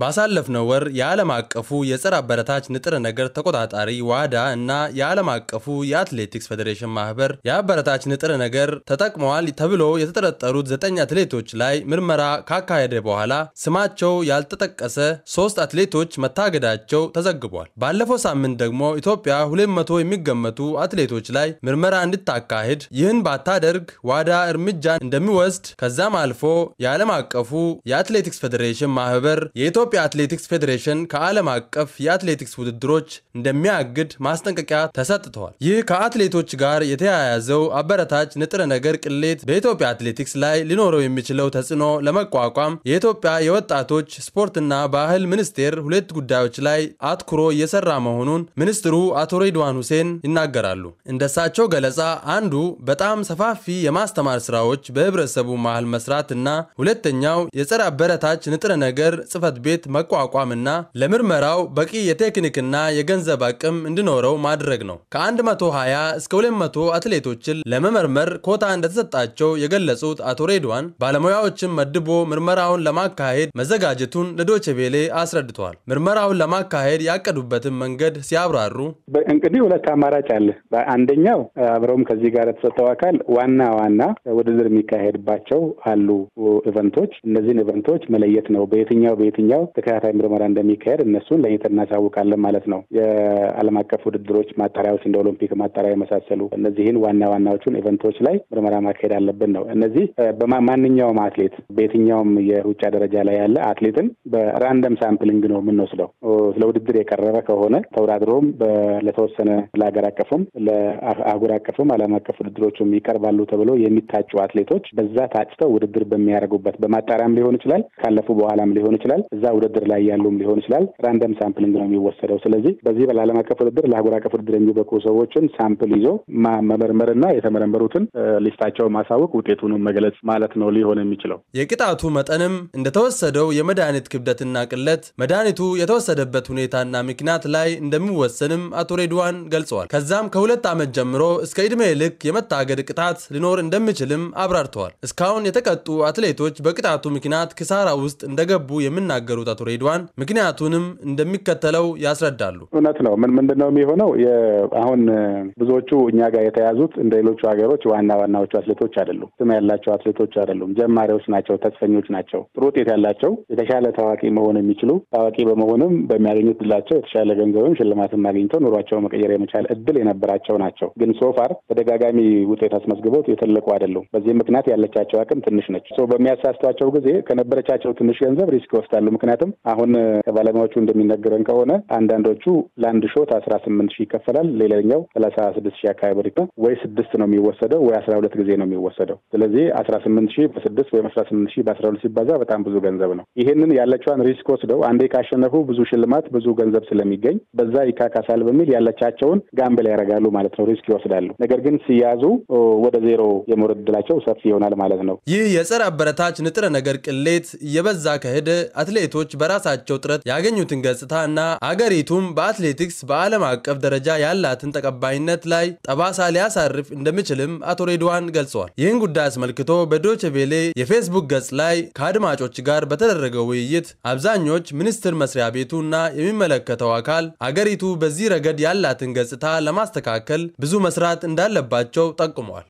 ባሳለፍነው ወር የዓለም አቀፉ የጸረ አበረታች ንጥረ ነገር ተቆጣጣሪ ዋዳ እና የዓለም አቀፉ የአትሌቲክስ ፌዴሬሽን ማህበር የአበረታች ንጥረ ነገር ተጠቅመዋል ተብሎ የተጠረጠሩት ዘጠኝ አትሌቶች ላይ ምርመራ ካካሄደ በኋላ ስማቸው ያልተጠቀሰ ሶስት አትሌቶች መታገዳቸው ተዘግቧል። ባለፈው ሳምንት ደግሞ ኢትዮጵያ 200 የሚገመቱ አትሌቶች ላይ ምርመራ እንድታካሄድ ይህን ባታደርግ ዋዳ እርምጃ እንደሚወስድ ከዛም አልፎ የዓለም አቀፉ የአትሌቲክስ ፌዴሬሽን ማህበር የኢትዮጵያ አትሌቲክስ ፌዴሬሽን ከዓለም አቀፍ የአትሌቲክስ ውድድሮች እንደሚያግድ ማስጠንቀቂያ ተሰጥተዋል። ይህ ከአትሌቶች ጋር የተያያዘው አበረታች ንጥረ ነገር ቅሌት በኢትዮጵያ አትሌቲክስ ላይ ሊኖረው የሚችለው ተጽዕኖ ለመቋቋም የኢትዮጵያ የወጣቶች ስፖርትና ባህል ሚኒስቴር ሁለት ጉዳዮች ላይ አትኩሮ እየሰራ መሆኑን ሚኒስትሩ አቶ ሬድዋን ሁሴን ይናገራሉ። እንደሳቸው ገለጻ አንዱ በጣም ሰፋፊ የማስተማር ስራዎች በህብረተሰቡ መሃል መስራት እና ሁለተኛው የጸረ አበረታች ንጥረ ነገር ጽህፈት ቤት ቤት መቋቋምና ለምርመራው በቂ የቴክኒክና የገንዘብ አቅም እንዲኖረው ማድረግ ነው። ከ120 እስከ 200 አትሌቶችን ለመመርመር ኮታ እንደተሰጣቸው የገለጹት አቶ ሬድዋን ባለሙያዎችን መድቦ ምርመራውን ለማካሄድ መዘጋጀቱን ለዶችቤሌ አስረድተዋል። ምርመራውን ለማካሄድ ያቀዱበትን መንገድ ሲያብራሩ እንግዲህ ሁለት አማራጭ አለ። አንደኛው አብረውም ከዚህ ጋር የተሰጠው አካል ዋና ዋና ውድድር የሚካሄድባቸው አሉ ኢቨንቶች፣ እነዚህን ኢቨንቶች መለየት ነው። በየትኛው በየትኛው ተከታታይ ምርመራ እንደሚካሄድ እነሱን ለይተን እናሳውቃለን ማለት ነው። የዓለም አቀፍ ውድድሮች ማጣሪያዎች እንደ ኦሎምፒክ ማጣሪያ የመሳሰሉ እነዚህን ዋና ዋናዎቹን ኢቨንቶች ላይ ምርመራ ማካሄድ አለብን ነው። እነዚህ በማንኛውም አትሌት በየትኛውም የሩጫ ደረጃ ላይ ያለ አትሌትን በራንደም ሳምፕሊንግ ነው የምንወስደው። ስለ ውድድር የቀረበ ከሆነ ተወዳድሮም ለተወሰነ ለሀገር አቀፉም ለአህጉር አቀፉም ዓለም አቀፍ ውድድሮቹም ይቀርባሉ ተብሎ የሚታጩ አትሌቶች በዛ ታጭተው ውድድር በሚያደርጉበት በማጣሪያም ሊሆን ይችላል ካለፉ በኋላም ሊሆን ይችላል እዛ ውድድር ላይ ያሉም ሊሆን ይችላል። ራንደም ሳምፕሊንግ ነው የሚወሰደው። ስለዚህ በዚህ ለዓለም አቀፍ ውድድር፣ ለአህጉር አቀፍ ውድድር የሚበቁ ሰዎችን ሳምፕል ይዞ መመርመርና የተመረመሩትን ሊስታቸው ማሳወቅ፣ ውጤቱንም መግለጽ ማለት ነው ሊሆን የሚችለው። የቅጣቱ መጠንም እንደተወሰደው የመድኃኒት ክብደትና ቅለት፣ መድኃኒቱ የተወሰደበት ሁኔታና ምክንያት ላይ እንደሚወሰንም አቶ ሬድዋን ገልጸዋል። ከዛም ከሁለት ዓመት ጀምሮ እስከ ዕድሜ ልክ የመታገድ ቅጣት ሊኖር እንደሚችልም አብራርተዋል። እስካሁን የተቀጡ አትሌቶች በቅጣቱ ምክንያት ክሳራ ውስጥ እንደገቡ የሚናገሩት አቶ ሬድዋን ምክንያቱንም እንደሚከተለው ያስረዳሉ። እውነት ነው። ምን ምንድን ነው የሚሆነው? አሁን ብዙዎቹ እኛ ጋር የተያዙት እንደ ሌሎቹ ሀገሮች ዋና ዋናዎቹ አትሌቶች አይደሉም። ስም ያላቸው አትሌቶች አይደሉም። ጀማሪዎች ናቸው። ተስፈኞች ናቸው። ጥሩ ውጤት ያላቸው የተሻለ ታዋቂ መሆን የሚችሉ ታዋቂ በመሆንም በሚያገኙት ድላቸው የተሻለ ገንዘብም ሽልማትም አግኝተው ኑሯቸው መቀየር የመቻል እድል የነበራቸው ናቸው። ግን ሶፋር ተደጋጋሚ ውጤት አስመዝግበው የተለቁ አይደሉም። በዚህ ምክንያት ያለቻቸው አቅም ትንሽ ነች። በሚያሳስቷቸው ጊዜ ከነበረቻቸው ትንሽ ገንዘብ ሪስክ ይወስዳሉ። ምክንያቱም አሁን ከባለሙያዎቹ እንደሚነገረን ከሆነ አንዳንዶቹ ለአንድ ሾት አስራ ስምንት ሺህ ይከፈላል። ሌላኛው ሰላሳ ስድስት ሺህ አካባቢ ብር ነው። ወይ ስድስት ነው የሚወሰደው ወይ አስራ ሁለት ጊዜ ነው የሚወሰደው። ስለዚህ አስራ ስምንት ሺህ በስድስት ወይም አስራ ስምንት ሺህ በአስራ ሁለት ሲባዛ በጣም ብዙ ገንዘብ ነው። ይህንን ያለችዋን ሪስክ ወስደው አንዴ ካሸነፉ ብዙ ሽልማት ብዙ ገንዘብ ስለሚገኝ በዛ ይካካሳል በሚል ያለቻቸውን ጋምብል ያደርጋሉ ማለት ነው። ሪስክ ይወስዳሉ። ነገር ግን ሲያዙ ወደ ዜሮ የመውረድ ሰፊ ይሆናል ማለት ነው። ይህ የጸረ አበረታች ንጥረ ነገር ቅሌት የበዛ ከሄደ አትሌቱ አትሌቶች በራሳቸው ጥረት ያገኙትን ገጽታ እና አገሪቱም በአትሌቲክስ በዓለም አቀፍ ደረጃ ያላትን ተቀባይነት ላይ ጠባሳ ሊያሳርፍ እንደሚችልም አቶ ሬድዋን ገልጸዋል። ይህን ጉዳይ አስመልክቶ በዶች ቬሌ የፌስቡክ ገጽ ላይ ከአድማጮች ጋር በተደረገው ውይይት አብዛኞች ሚኒስቴር መስሪያ ቤቱ እና የሚመለከተው አካል አገሪቱ በዚህ ረገድ ያላትን ገጽታ ለማስተካከል ብዙ መስራት እንዳለባቸው ጠቁመዋል።